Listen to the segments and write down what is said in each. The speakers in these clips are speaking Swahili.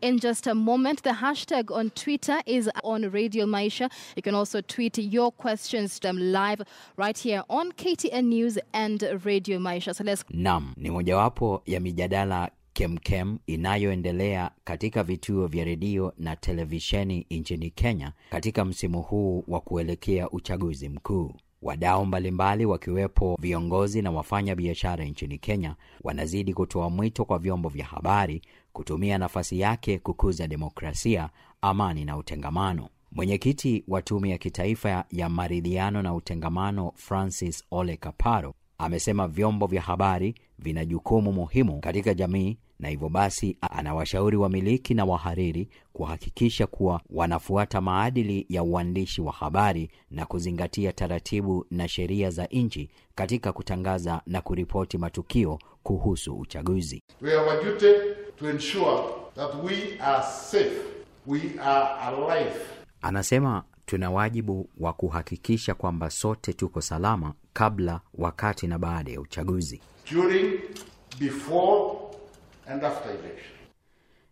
in just a moment. The hashtag on Twitter is on Radio Maisha. You can also tweet your questions to them live right here on KTN News and Radio Maisha. So let's... Nam ni mojawapo ya mijadala kemkem inayoendelea katika vituo vya redio na televisheni nchini Kenya katika msimu huu wa kuelekea uchaguzi mkuu. Wadau mbalimbali wakiwepo viongozi na wafanya biashara nchini Kenya wanazidi kutoa mwito kwa vyombo vya habari kutumia nafasi yake kukuza demokrasia, amani na utengamano. Mwenyekiti wa Tume ya Kitaifa ya Maridhiano na Utengamano, Francis Ole Kaparo, Amesema vyombo vya habari vina jukumu muhimu katika jamii na hivyo basi anawashauri wamiliki na wahariri kuhakikisha kuwa wanafuata maadili ya uandishi wa habari na kuzingatia taratibu na sheria za nchi katika kutangaza na kuripoti matukio kuhusu uchaguzi. We duty to ensure that we are safe, we are alive. Anasema tuna wajibu wa kuhakikisha kwamba sote tuko salama kabla, wakati na baada ya uchaguzi. During, before and after election.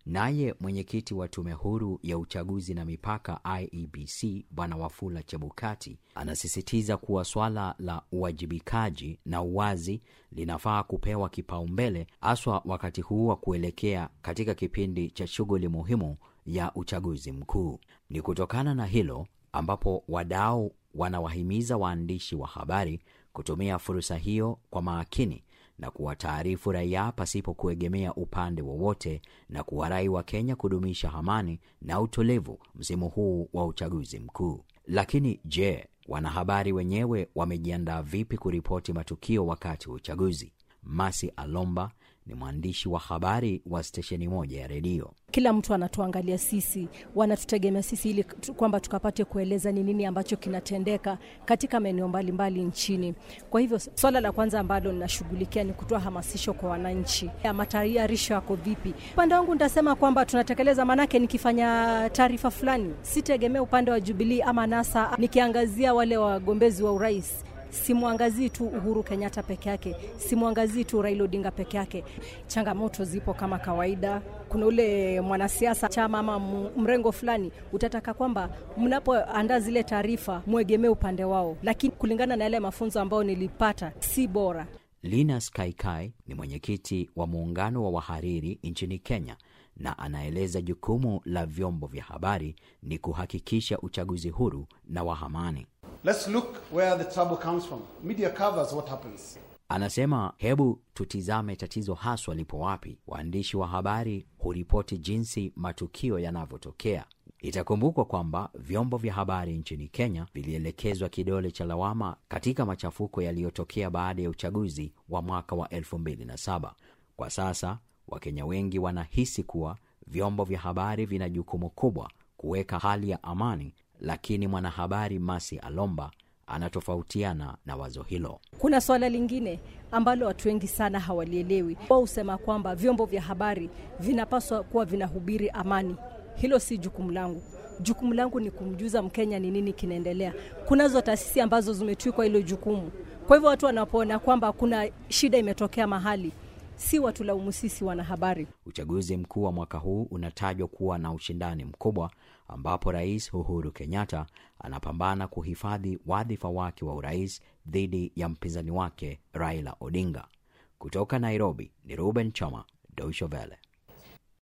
Naye mwenyekiti wa tume huru ya uchaguzi na mipaka IEBC Bwana Wafula Chebukati anasisitiza kuwa swala la uwajibikaji na uwazi linafaa kupewa kipaumbele haswa wakati huu wa kuelekea katika kipindi cha shughuli muhimu ya uchaguzi mkuu. Ni kutokana na hilo ambapo wadau wanawahimiza waandishi wa habari kutumia fursa hiyo kwa makini na kuwataarifu raia pasipo kuegemea upande wowote na kuwarai wa kenya kudumisha amani na utulivu msimu huu wa uchaguzi mkuu. Lakini je, wanahabari wenyewe wamejiandaa vipi kuripoti matukio wakati wa uchaguzi? Masi Alomba ni mwandishi wa habari wa stesheni moja ya redio. Kila mtu anatuangalia sisi, wanatutegemea sisi ili kwamba tukapate kueleza ni nini ambacho kinatendeka katika maeneo mbalimbali nchini. Kwa hivyo swala la kwanza ambalo ninashughulikia ni kutoa hamasisho kwa wananchi, matayarisho yako vipi? Upande wangu nitasema kwamba tunatekeleza, maanake nikifanya taarifa fulani sitegemea upande wa Jubilii ama NASA nikiangazia wale wagombezi wa urais simwangazii tu Uhuru Kenyatta peke yake, simwangazii tu Raila Odinga peke yake. Changamoto zipo kama kawaida. Kuna ule mwanasiasa chama ama mrengo fulani, utataka kwamba mnapoandaa zile taarifa mwegemee upande wao, lakini kulingana na yale mafunzo ambayo nilipata si bora. Linus Kaikai ni mwenyekiti wa muungano wa wahariri nchini Kenya na anaeleza jukumu la vyombo vya habari ni kuhakikisha uchaguzi huru na wa amani. Let's look where the trouble comes from. Media covers what happens. Anasema hebu tutizame tatizo haswa lipo wapi. Waandishi wa habari huripoti jinsi matukio yanavyotokea. Itakumbukwa kwamba vyombo vya habari nchini Kenya vilielekezwa kidole cha lawama katika machafuko yaliyotokea baada ya uchaguzi wa mwaka wa 2007. Kwa sasa Wakenya wengi wanahisi kuwa vyombo vya habari vina jukumu kubwa kuweka hali ya amani lakini mwanahabari Masi Alomba anatofautiana na wazo hilo. Kuna swala lingine ambalo watu wengi sana hawalielewi. Wao husema kwamba vyombo vya habari vinapaswa kuwa vinahubiri amani. Hilo si jukumu langu. Jukumu langu ni kumjuza Mkenya ni nini kinaendelea. Kunazo taasisi ambazo zimetwikwa hilo jukumu. Kwa hivyo watu wanapoona kwamba kuna shida imetokea mahali, si watulaumu sisi wanahabari. Uchaguzi mkuu wa mwaka huu unatajwa kuwa na ushindani mkubwa, ambapo Rais Uhuru Kenyatta anapambana kuhifadhi wadhifa wake wa urais dhidi ya mpinzani wake Raila Odinga. Kutoka Nairobi ni Ruben Choma, Deutsche